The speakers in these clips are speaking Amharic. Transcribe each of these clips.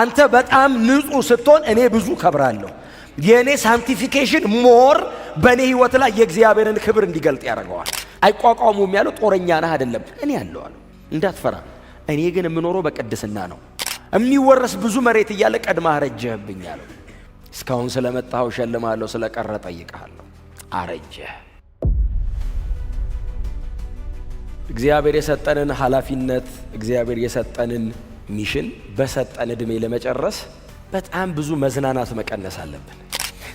አንተ በጣም ንጹሕ ስትሆን እኔ ብዙ ከብራለሁ። የእኔ ሳንቲፊኬሽን ሞር በእኔ ህይወት ላይ የእግዚአብሔርን ክብር እንዲገልጥ ያደርገዋል። አይቋቋሙም ያለው ጦረኛ ነህ አይደለም፣ እኔ ያለዋለሁ እንዳትፈራ። እኔ ግን የምኖረው በቅድስና ነው። የሚወረስ ብዙ መሬት እያለ ቀድማ አረጀህብኝ አለው። እስካሁን ስለመጣኸው እሸልምሃለሁ፣ ስለቀረ ጠይቀሃለሁ። አረጀህ። እግዚአብሔር የሰጠንን ኃላፊነት እግዚአብሔር የሰጠንን ሚሽን በሰጠን እድሜ ለመጨረስ በጣም ብዙ መዝናናት መቀነስ አለብን።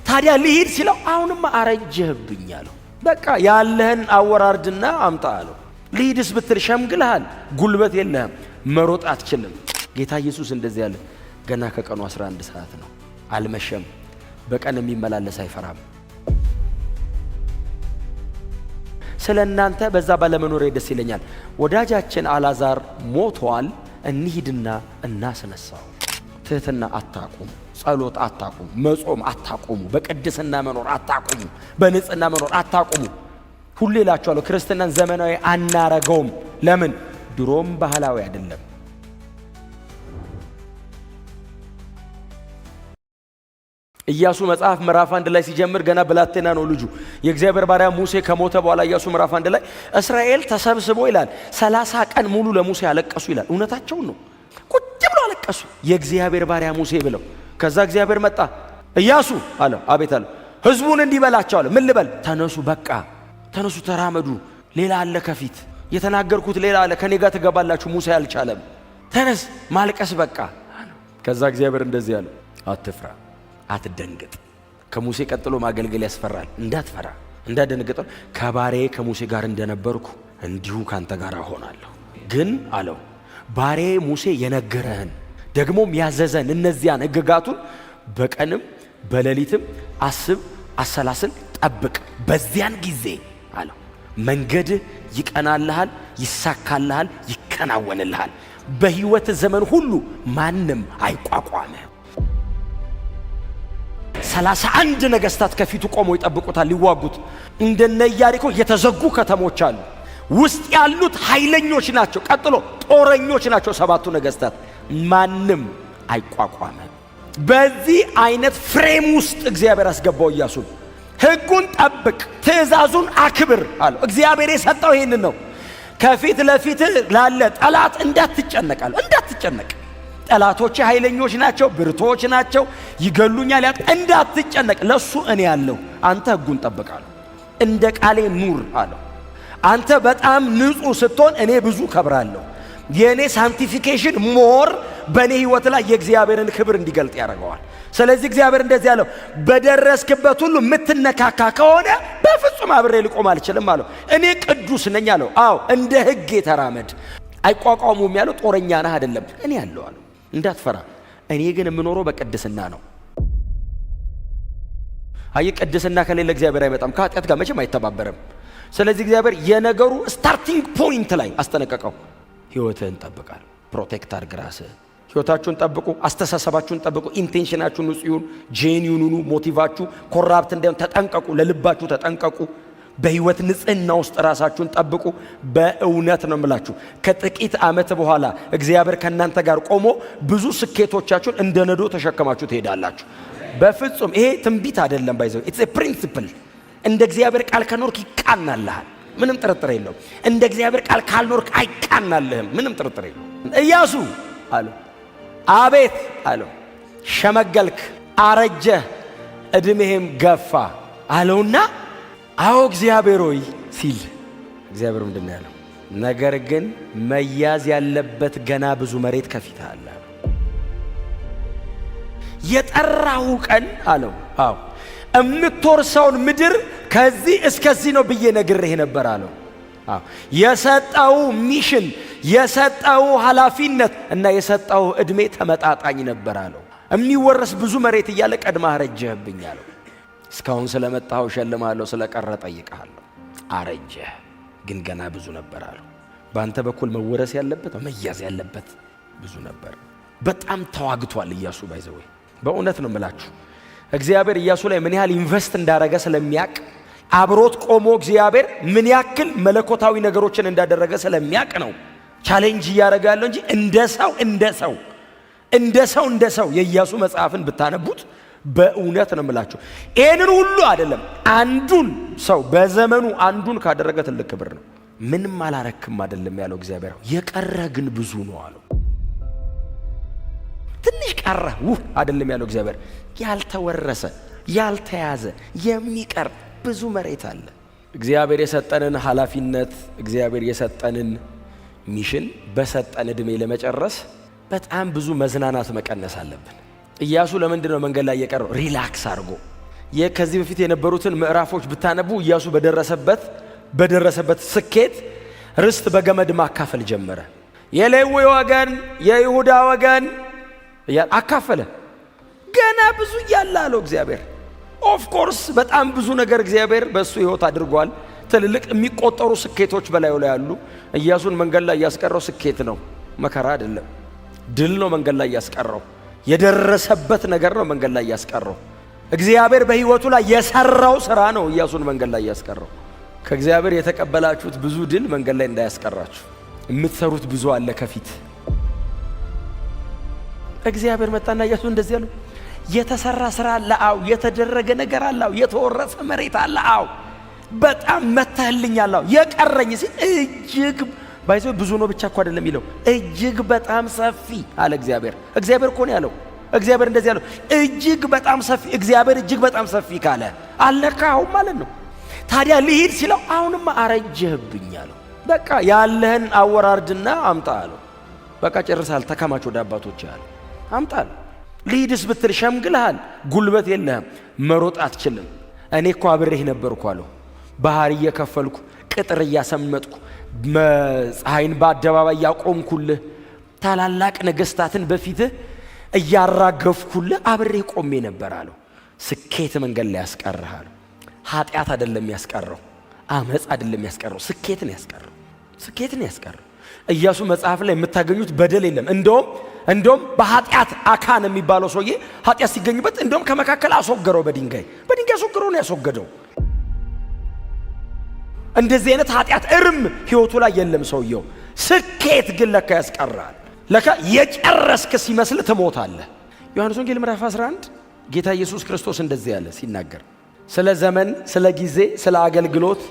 ታዲያ ልሂድ ሲለው አሁንማ አረጀህብኝ አለው። በቃ ያለህን አወራርድና አምጣ አለው። ልሂድስ ብትል ሸምግልሃል፣ ጉልበት የለህም፣ መሮጥ አትችልም። ጌታ ኢየሱስ እንደዚህ ያለ ገና ከቀኑ 11 ሰዓት ነው፣ አልመሸም። በቀን የሚመላለስ አይፈራም። ስለ እናንተ በዛ ባለመኖሬ ደስ ይለኛል። ወዳጃችን አላዛር ሞቷል። እንሂድና እናስነሳው። ትህትና አታቁሙ፣ ጸሎት አታቁሙ፣ መጾም አታቁሙ፣ በቅድስና መኖር አታቁሙ፣ በንጽህና መኖር አታቁሙ። ሁሌ እላችኋለሁ ክርስትናን ዘመናዊ አናረገውም። ለምን? ድሮም ባህላዊ አይደለም። ኢያሱ መጽሐፍ ምዕራፍ አንድ ላይ ሲጀምር ገና ብላቴና ነው ልጁ። የእግዚአብሔር ባሪያ ሙሴ ከሞተ በኋላ ኢያሱ ምዕራፍ አንድ ላይ እስራኤል ተሰብስቦ ይላል ሰላሳ ቀን ሙሉ ለሙሴ አለቀሱ ይላል። እውነታቸውን ነው። ቁጭ ብሎ አለቀሱ የእግዚአብሔር ባሪያ ሙሴ ብለው። ከዛ እግዚአብሔር መጣ። ኢያሱ አለ። አቤት አለ። ህዝቡን እንዲበላቸው አለ። ምን ልበል? ተነሱ፣ በቃ ተነሱ፣ ተራመዱ። ሌላ አለ ከፊት የተናገርኩት ሌላ አለ። ከኔ ጋር ትገባላችሁ። ሙሴ አልቻለም። ተነስ፣ ማልቀስ በቃ። ከዛ እግዚአብሔር እንደዚህ አለ፣ አትፍራ አትደንግጥ። ከሙሴ ቀጥሎ ማገልገል ያስፈራል። እንዳትፈራ እንዳደነግጠው ከባሬ ከሙሴ ጋር እንደነበርኩ እንዲሁ ካንተ ጋር እሆናለሁ። ግን አለው ባሬ ሙሴ የነገረህን ደግሞም ያዘዘን እነዚያን ሕግጋቱን በቀንም በሌሊትም አስብ፣ አሰላስል፣ ጠብቅ። በዚያን ጊዜ አለው መንገድህ ይቀናልሃል፣ ይሳካልሃል፣ ይከናወንልሃል። በሕይወት ዘመን ሁሉ ማንም አይቋቋመ ሰላሳ አንድ ነገስታት ከፊቱ ቆመው ይጠብቁታል ሊዋጉት። እንደነ ኢያሪኮ የተዘጉ ከተሞች አሉ። ውስጥ ያሉት ኃይለኞች ናቸው። ቀጥሎ ጦረኞች ናቸው። ሰባቱ ነገስታት ማንም አይቋቋምም። በዚህ አይነት ፍሬም ውስጥ እግዚአብሔር አስገባው ኢያሱን። ሕጉን ጠብቅ፣ ትእዛዙን አክብር አለው። እግዚአብሔር የሰጠው ይህንን ነው። ከፊት ለፊት ላለ ጠላት እንዳትጨነቃለሁ እንዳትጨነቅ ጠላቶች ኃይለኞች ናቸው፣ ብርቶች ናቸው፣ ይገሉኛል። ያ እንዳትጨነቅ፣ ለሱ እኔ ያለው አንተ ህጉን ጠብቃለሁ፣ እንደ ቃሌ ኑር አለው። አንተ በጣም ንጹህ ስትሆን እኔ ብዙ ከብራለሁ። የእኔ ሳንቲፊኬሽን ሞር በእኔ ህይወት ላይ የእግዚአብሔርን ክብር እንዲገልጥ ያደርገዋል። ስለዚህ እግዚአብሔር እንደዚህ አለው፣ በደረስክበት ሁሉ የምትነካካ ከሆነ በፍጹም አብሬ ልቆም አልችልም አለው። እኔ ቅዱስ ነኝ አለው። አዎ እንደ ህግ የተራመድ አይቋቋሙም ያለው ጦረኛ ነህ አይደለም፣ እኔ ያለው አለው። እንዳትፈራ። እኔ ግን የምኖረው በቅድስና ነው። አይ ቅድስና ከሌለ እግዚአብሔር አይመጣም፣ ከኃጢአት ጋር መቼም አይተባበርም። ስለዚህ እግዚአብሔር የነገሩ ስታርቲንግ ፖይንት ላይ አስጠነቀቀው። ህይወትህን ጠብቃል። ፕሮቴክት አድርግ ራስህ። ህይወታችሁን ጠብቁ፣ አስተሳሰባችሁን ጠብቁ፣ ኢንቴንሽናችሁን ንጹሁን፣ ይሁን፣ ሞቲቫችሁ ኮራፕት እንዳይሆን ተጠንቀቁ፣ ለልባችሁ ተጠንቀቁ። በህይወት ንጽህና ውስጥ ራሳችሁን ጠብቁ። በእውነት ነው የምላችሁ ከጥቂት ዓመት በኋላ እግዚአብሔር ከእናንተ ጋር ቆሞ ብዙ ስኬቶቻችሁን እንደ ነዶ ተሸክማችሁ ትሄዳላችሁ። በፍጹም ይሄ ትንቢት አይደለም፣ ባይዘ ኢትስ ፕሪንሲፕል። እንደ እግዚአብሔር ቃል ከኖርክ ይቃናልሃል፣ ምንም ጥርጥር የለው። እንደ እግዚአብሔር ቃል ካልኖርክ አይቃናልህም፣ ምንም ጥርጥር የለው። ኢያሱ አለው አቤት አለው። ሸመገልክ፣ አረጀ፣ እድሜህም ገፋ አለውና አዎ እግዚአብሔር ሆይ ሲል እግዚአብሔር ምንድን ነው ያለው? ነገር ግን መያዝ ያለበት ገና ብዙ መሬት ከፊት አለ። የጠራሁ ቀን አለው። አዎ እምትወርሰውን ምድር ከዚህ እስከዚህ ነው ብዬ ነግሬህ ነበር አለው። አዎ የሰጠው ሚሽን፣ የሰጠው ኃላፊነት እና የሰጠው ዕድሜ ተመጣጣኝ ነበር አለው። እሚወረስ ብዙ መሬት እያለ ቀድማ ረጀህብኝ አለው። እስካሁን ስለመጣኸው ሸልማለሁ፣ ስለቀረ ጠይቀሃለሁ። አረጀ ግን ገና ብዙ ነበር አሉ። በአንተ በኩል መወረስ ያለበት መያዝ ያለበት ብዙ ነበር። በጣም ተዋግቷል ኢያሱ ባይዘወይ። በእውነት ነው የምላችሁ እግዚአብሔር ኢያሱ ላይ ምን ያህል ኢንቨስት እንዳረገ ስለሚያቅ አብሮት ቆሞ እግዚአብሔር ምን ያክል መለኮታዊ ነገሮችን እንዳደረገ ስለሚያቅ ነው ቻሌንጅ እያደረገ ያለው እንጂ እንደ ሰው እንደ ሰው እንደ ሰው እንደ ሰው የኢያሱ መጽሐፍን ብታነቡት በእውነት ነው የምላችሁ። ይህንን ሁሉ አይደለም አንዱን ሰው በዘመኑ አንዱን ካደረገ ትልቅ ክብር ነው። ምንም አላረክም አይደለም ያለው እግዚአብሔር፣ የቀረ ግን ብዙ ነው አለው። ትንሽ ቀረ ውህ አይደለም ያለው እግዚአብሔር። ያልተወረሰ ያልተያዘ የሚቀር ብዙ መሬት አለ። እግዚአብሔር የሰጠንን ኃላፊነት እግዚአብሔር የሰጠንን ሚሽን በሰጠን ዕድሜ ለመጨረስ በጣም ብዙ መዝናናት መቀነስ አለብን። እያሱ ለምንድን ነው መንገድ ላይ የቀረው? ሪላክስ አድርጎ ከዚህ በፊት የነበሩትን ምዕራፎች ብታነቡ እያሱ በደረሰበት በደረሰበት ስኬት ርስት በገመድ ማካፈል ጀመረ። የሌዊ ወገን፣ የይሁዳ ወገን አካፈለ። ገና ብዙ እያለ አለው እግዚአብሔር። ኦፍኮርስ በጣም ብዙ ነገር እግዚአብሔር በእሱ ሕይወት አድርጓል። ትልልቅ የሚቆጠሩ ስኬቶች በላዩ ላይ አሉ። እያሱን መንገድ ላይ እያስቀረው ስኬት ነው፣ መከራ አይደለም። ድል ነው መንገድ ላይ እያስቀረው። የደረሰበት ነገር ነው መንገድ ላይ ያስቀረው። እግዚአብሔር በሕይወቱ ላይ የሰራው ስራ ነው ኢያሱን መንገድ ላይ ያስቀረው። ከእግዚአብሔር የተቀበላችሁት ብዙ ድል መንገድ ላይ እንዳያስቀራችሁ። የምትሰሩት ብዙ አለ ከፊት። እግዚአብሔር መጣና ኢያሱ እንደዚህ ያለው የተሰራ ስራ አለ። አው የተደረገ ነገር አለ። አው የተወረሰ መሬት አለ። አው በጣም መተህልኛል። አው የቀረኝ ሲል እጅግ ባይዞ ብዙ ነው ብቻ እኮ አይደለም ይለው እጅግ በጣም ሰፊ አለ እግዚአብሔር። እግዚአብሔር እኮ ነው ያለው። እግዚአብሔር እንደዚህ ያለው እጅግ በጣም ሰፊ። እግዚአብሔር እጅግ በጣም ሰፊ ካለ አለካ አሁን ማለት ነው። ታዲያ ልሂድ ሲለው አሁንማ አረጀህብኝ አለው። በቃ ያለህን አወራርድና አምጣ አለው። በቃ ጨርሳል። ተከማች ወደ አባቶች አለ አምጣ አለ። ልሂድስ ብትል ሸምግልሃል፣ ጉልበት የለህም፣ መሮጥ አትችልም። እኔ እኮ አብሬህ ነበርኩ አለው። ባህር እየከፈልኩ ቅጥር እያሰመጥኩ ፀሐይን በአደባባይ እያቆምኩልህ ታላላቅ ነገስታትን በፊትህ እያራገፍኩልህ አብሬ ቆሜ ነበር አለው። ስኬት መንገድ ላይ ያስቀርህ አለው። ኃጢአት አይደለም ያስቀረው፣ አመፅ አደለም ያስቀረው፣ ስኬትን ያስቀረው፣ ስኬትን ያስቀረው። ኢያሱ መጽሐፍ ላይ የምታገኙት በደል የለም። እንደውም እንደውም በኃጢአት አካን የሚባለው ሰውዬ ኃጢአት ሲገኝበት እንደውም ከመካከል አስወገረው፣ በድንጋይ በድንጋይ አስወገረው ነው ያስወገደው። እንደዚህ አይነት ኃጢአት እርም ህይወቱ ላይ የለም ሰውየው። ስኬት ግን ለካ ያስቀራል። ለካ የጨረስክ ሲመስል ትሞታለህ። ዮሐንስ ወንጌል ምዕራፍ 11 ጌታ ኢየሱስ ክርስቶስ እንደዚህ ያለ ሲናገር ስለ ዘመን፣ ስለ ጊዜ፣ ስለ አገልግሎት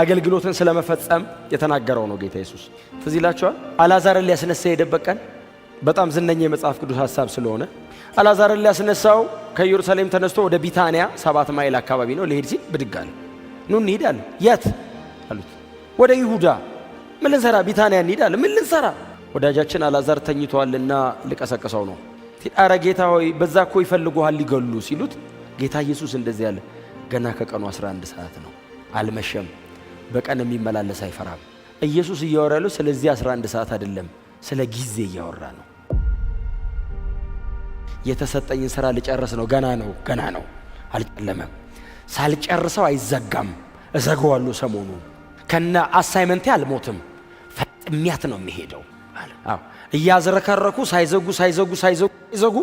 አገልግሎትን ስለመፈጸም የተናገረው ነው ጌታ ኢየሱስ። ትዝ ይላችኋል አልዓዛርን ሊያስነሳ የሄደበት ቀን በጣም ዝነኛ የመጽሐፍ ቅዱስ ሐሳብ ስለሆነ አልዓዛርን ሊያስነሳው ከኢየሩሳሌም ተነስቶ ወደ ቢታንያ ሰባት ማይል አካባቢ ነው ሊሄድ ሲል ብድግ አለ። ኑ እንሂድ አለ። የት አሉት። ወደ ይሁዳ ምን ልንሰራ ቢታንያ እንሄዳለን፣ ምን ልንሰራ? ወዳጃችን አላዛር ተኝቷልና ልቀሰቅሰው ነው። አረ ጌታ ሆይ በዛ እኮ ይፈልጉሃል ሊገሉ ሲሉት ጌታ ኢየሱስ እንደዚህ ያለ ገና ከቀኑ 11 ሰዓት ነው፣ አልመሸም። በቀን የሚመላለስ አይፈራም። ኢየሱስ እያወራ ያለው ስለዚህ 11 ሰዓት አይደለም፣ ስለ ጊዜ እያወራ ነው። የተሰጠኝን ስራ ልጨርስ ነው። ገና ነው፣ ገና ነው፣ አልጨለመም። ሳልጨርሰው አይዘጋም፣ እዘገዋለሁ ሰሞኑን ከነ አሳይመንቴ አልሞትም፣ ፈጥሚያት ነው የሚሄደው። እያዝረከረኩ ሳይዘጉ ሳይዘጉ ሳይዘጉ ሳይዘጉ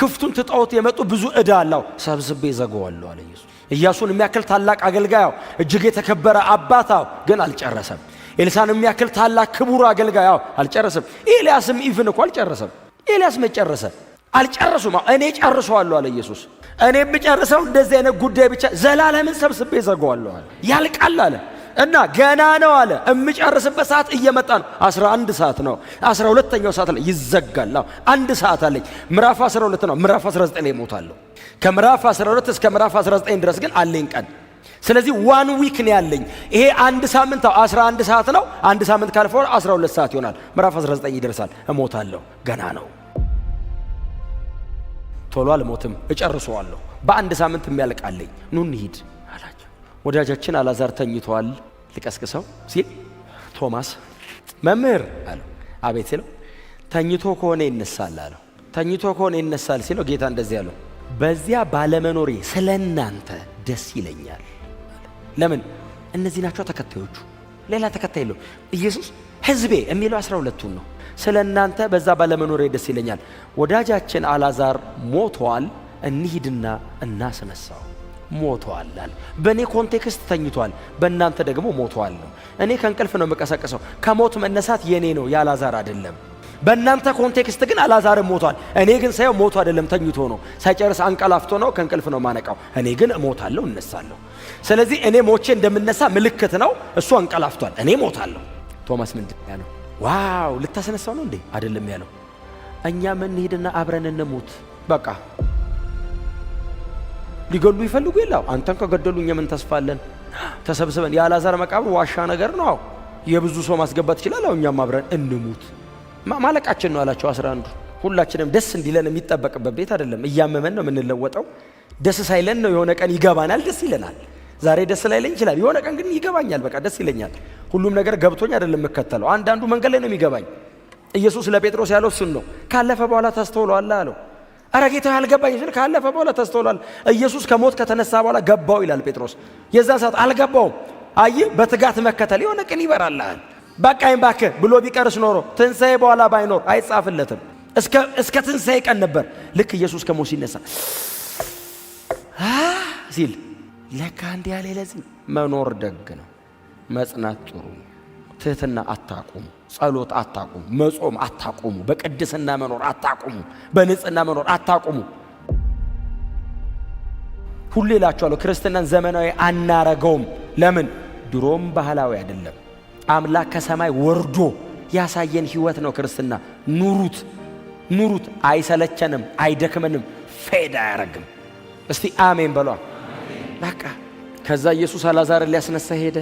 ክፍቱን ትጠውት የመጡ ብዙ ዕዳ አለው፣ ሰብስቤ ይዘገዋለሁ አለ ኢየሱስ። ኢያሱን የሚያክል ታላቅ አገልጋያው እጅግ የተከበረ አባታው ግን አልጨረሰም። ኤልሳን የሚያክል ታላቅ ክቡር አገልጋያው አልጨረሰም። ኤልያስም ኢቭን እኮ አልጨረሰም። ኤልያስ መጨረሰ አልጨረሱም። እኔ ጨርሰዋለሁ አለ ኢየሱስ። እኔ የምጨርሰው እንደዚህ አይነት ጉዳይ ብቻ ዘላለምን ሰብስቤ ይዘገዋለሁ አለ። ያልቃል አለ እና ገና ነው አለ። የምጨርስበት ሰዓት እየመጣ ነው። አስራ አንድ ሰዓት ነው። አስራ ሁለተኛው ሰዓት ላይ ይዘጋል። አንድ ሰዓት አለኝ። ምዕራፍ ሁለት ነው። ምዕራፍ ዘጠኝ ላይ እሞታለሁ። ከምዕራፍ ሁለት እስከ ምዕራፍ ዘጠኝ ድረስ ግን አለኝ ቀን። ስለዚህ ዋን ዊክ ነው ያለኝ። ይሄ አንድ ሳምንት አስራ አንድ ሰዓት ነው። አንድ ሳምንት ካልፈ ሁለት ሰዓት ይሆናል። ምዕራፍ ዘጠኝ ይደርሳል። እሞታለሁ። ገና ነው። ቶሎ አልሞትም፣ እጨርሰዋለሁ። በአንድ ሳምንት የሚያልቃለኝ። ኑ እንሂድ ወዳጃችን አላዛር ተኝቷል ልቀስቅሰው ሲል ቶማስ መምህር አለው። አቤት ሲለው ተኝቶ ከሆነ ይነሳል አለው። ተኝቶ ከሆነ ይነሳል ሲለው ጌታ እንደዚህ አለው፣ በዚያ ባለመኖሬ ስለ እናንተ ደስ ይለኛል። ለምን? እነዚህ ናቸው ተከታዮቹ፣ ሌላ ተከታይ የለውም። ኢየሱስ ህዝቤ የሚለው አስራ ሁለቱን ነው። ስለ እናንተ በዛ ባለመኖሬ ደስ ይለኛል። ወዳጃችን አላዛር ሞቷል፣ እንሂድና እናስነሳው ሞቷል በእኔ ኮንቴክስት ተኝቷል፣ በእናንተ ደግሞ ሞቷል ነው። እኔ ከእንቅልፍ ነው የምቀሰቅሰው። ከሞት መነሳት የእኔ ነው፣ የአላዛር አይደለም። በእናንተ ኮንቴክስት ግን አላዛር ሞቷል። እኔ ግን ሳየው ሞቱ አይደለም ተኝቶ ነው፣ ሳይጨርስ አንቀላፍቶ ነው። ከእንቅልፍ ነው ማነቃው። እኔ ግን እሞታለሁ፣ እነሳለሁ። ስለዚህ እኔ ሞቼ እንደምነሳ ምልክት ነው። እሱ አንቀላፍቷል፣ እኔ ሞታለሁ። ቶማስ ምንድን ያለው? ዋው ልታስነሳው ነው እንዴ? አይደለም ያለው እኛ ምን አብረን እንሞት በቃ ሊገሉ ይፈልጉ የላው አንተን ከገደሉ እኛ ምን ተስፋለን? ተሰብስበን የአልዓዛር መቃብር ዋሻ ነገር ነው። የብዙ ሰው ማስገባት ይችላል። አሁን እኛም አብረን እንሙት ማለቃችን ነው አላቸው አስራ አንዱ። ሁላችንም ደስ እንዲለን የሚጠበቅበት ቤት አይደለም። እያመመን ነው የምንለወጠው። ደስ ሳይለን ነው የሆነ ቀን ይገባናል፣ ደስ ይለናል። ዛሬ ደስ ላይለን ይችላል። የሆነ ቀን ግን ይገባኛል፣ በቃ ደስ ይለኛል። ሁሉም ነገር ገብቶኝ አይደለም የምከተለው። አንዳንዱ መንገድ ላይ ነው የሚገባኝ። ኢየሱስ ለጴጥሮስ ያለው እሱን ነው። ካለፈ በኋላ ታስተውለዋለህ አለው አረ ጌታ አልገባኝ ሲል ካለፈ በኋላ ተስተውሏል። ኢየሱስ ከሞት ከተነሳ በኋላ ገባው ይላል ጴጥሮስ። የዛን ሰዓት አልገባውም። አይ በትጋት መከተል የሆነ ቅን ይበራልሃል። በቃኝ እባክህ ብሎ ቢቀርስ ኖሮ ትንሣኤ በኋላ ባይኖር አይጻፍለትም። እስከ ትንሣኤ ቀን ነበር። ልክ ኢየሱስ ከሞት ሲነሳ ሲል ለካ እንዲህ ያለ ለዚህ መኖር ደግ ነው፣ መጽናት ጥሩ ትህትና አታቁም። ጸሎት አታቁሙ፣ መጾም አታቁሙ፣ በቅድስና መኖር አታቁሙ፣ በንጽህና መኖር አታቁሙ። ሁሌ እላችኋለሁ ክርስትናን ዘመናዊ አናረገውም። ለምን? ድሮም ባህላዊ አይደለም። አምላክ ከሰማይ ወርዶ ያሳየን ህይወት ነው ክርስትና። ኑሩት፣ ኑሩት። አይሰለቸንም፣ አይደክመንም፣ ፌድ አያረግም። እስቲ አሜን በሏ። በቃ ከዛ ኢየሱስ አላዛርን ሊያስነሳ ሄደ።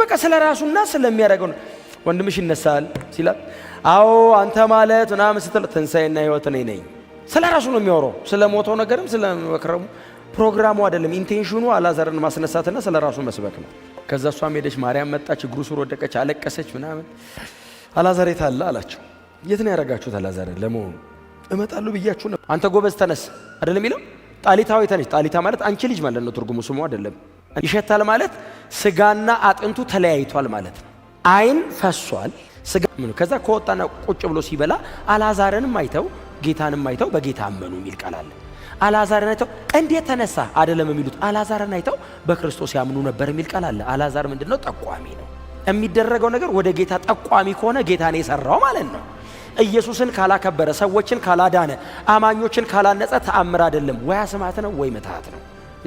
በቃ ስለ ራሱና ስለሚያደርገው ነው። ወንድምሽ ይነሳል ሲላት፣ አዎ አንተ ማለት ምናምን ስትል ትንሣኤና ህይወት እኔ ነኝ። ስለ ራሱ ነው የሚያወራው፣ ስለ ሞተው ነገርም ስለ መክረሙ ፕሮግራሙ አይደለም። ኢንቴንሽኑ አላዛርን ማስነሳትና ስለ ራሱ መስበክ ነው። ከዛ እሷም ሄደች፣ ማርያም መጣች፣ እግሩ ስር ወደቀች፣ አለቀሰች ምናምን። አላዛር የት አለ አላቸው። የት ነው ያደረጋችሁት? አላዛር ለመሆኑ እመጣሉ ብያችሁ ነው። አንተ ጎበዝ ተነስ አይደለም የሚለው ጣሊታዊ ተነች። ጣሊታ ማለት አንቺ ልጅ ማለት ነው ትርጉሙ፣ ስሙ አይደለም። ይሸታል ማለት ስጋና አጥንቱ ተለያይቷል ማለት ነው። አይን ፈሷል። ስጋ ከዛ ከወጣና ቁጭ ብሎ ሲበላ አላዛርንም አይተው ጌታንም አይተው በጌታ አመኑ የሚል ቃል አለ። አላዛርን አይተው እንዴት ተነሳ አይደለም የሚሉት አላዛርን አይተው በክርስቶስ ያምኑ ነበር የሚል ቃል አለ። አልዓዛር ነው? ጠቋሚ ነው። የሚደረገው ነገር ወደ ጌታ ጠቋሚ ከሆነ ጌታን የሰራው ማለት ነው። ኢየሱስን ካላከበረ፣ ሰዎችን ካላዳነ፣ አማኞችን ካላነጸ ተአምር አይደለም። ወይ አስማት ነው ወይ ምትሃት ነው።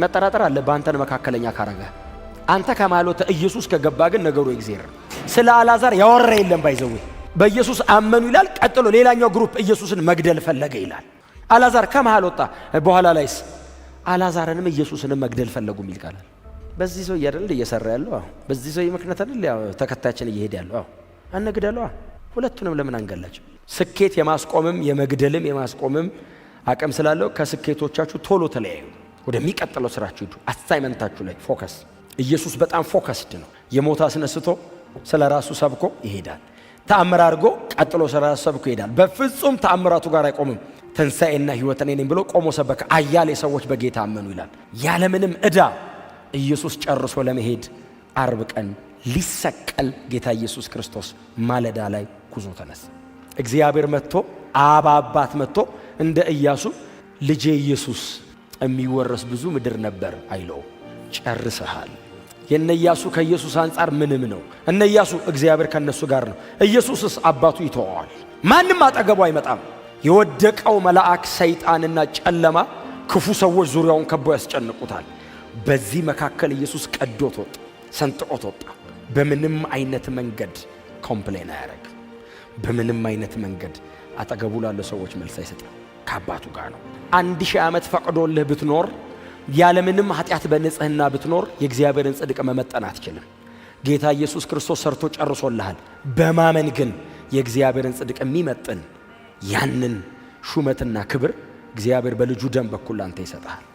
መጠራጠር አለ በአንተን መካከለኛ ካረገ አንተ ከማሎተ ኢየሱስ ከገባ ግን ነገሩ እግዚአብሔር ስለ አላዛር ያወራ የለም። ባይዘው በኢየሱስ አመኑ ይላል። ቀጥሎ ሌላኛው ግሩፕ ኢየሱስን መግደል ፈለገ ይላል። አላዛር ከመሃል ወጣ። በኋላ ላይስ አላዛርንም ኢየሱስንም መግደል ፈለጉ የሚል ቃል በዚህ ሰው እያደል እየሰራ ያለው አዎ፣ በዚህ ሰው ምክንያት አይደል ተከታችን እየሄደ ያለው አዎ። አንግደለው፣ ሁለቱንም ለምን አንገላቸው? ስኬት የማስቆምም የመግደልም የማስቆምም አቅም ስላለው ከስኬቶቻችሁ ቶሎ ተለያዩ። ወደሚቀጥለው ስራችሁ ሂዱ። አሳይመንታችሁ ላይ ፎከስ ኢየሱስ በጣም ፎከስድ ነው። የሞታ አስነስቶ ስለ ራሱ ሰብኮ ይሄዳል። ተአምር አድርጎ ቀጥሎ ስለ ራሱ ሰብኮ ይሄዳል። በፍጹም ተአምራቱ ጋር አይቆምም። ትንሣኤና ሕይወት እኔ ነኝ ብሎ ቆሞ ሰበከ። አያሌ ሰዎች በጌታ አመኑ ይላል። ያለምንም ዕዳ ኢየሱስ ጨርሶ ለመሄድ አርብ ቀን ሊሰቀል ጌታ ኢየሱስ ክርስቶስ ማለዳ ላይ ጉዞ ተነሳ። እግዚአብሔር መጥቶ አብ አባት መጥቶ እንደ ኢያሱ ልጄ ኢየሱስ የሚወረስ ብዙ ምድር ነበር አይለው ጨርሰሃል የነያሱ ከኢየሱስ አንጻር ምንም ነው። እነያሱ እግዚአብሔር ከነሱ ጋር ነው። ኢየሱስስ አባቱ ይተወዋል። ማንም አጠገቡ አይመጣም። የወደቀው መልአክ ሰይጣንና ጨለማ ክፉ ሰዎች ዙሪያውን ከበው ያስጨንቁታል። በዚህ መካከል ኢየሱስ ቀዶት ወጣ፣ ሰንጥቆት ወጣ። በምንም አይነት መንገድ ኮምፕሌን አያደርግ። በምንም አይነት መንገድ አጠገቡ ላለ ሰዎች መልስ አይሰጥም። ከአባቱ ጋር ነው። አንድ ሺህ ዓመት ፈቅዶልህ ብትኖር ያለምንም ኃጢአት በንጽህና ብትኖር የእግዚአብሔርን ጽድቅ መመጠን አትችልም። ጌታ ኢየሱስ ክርስቶስ ሰርቶ ጨርሶልሃል። በማመን ግን የእግዚአብሔርን ጽድቅ የሚመጥን ያንን ሹመትና ክብር እግዚአብሔር በልጁ ደም በኩል አንተ ይሰጠሃል።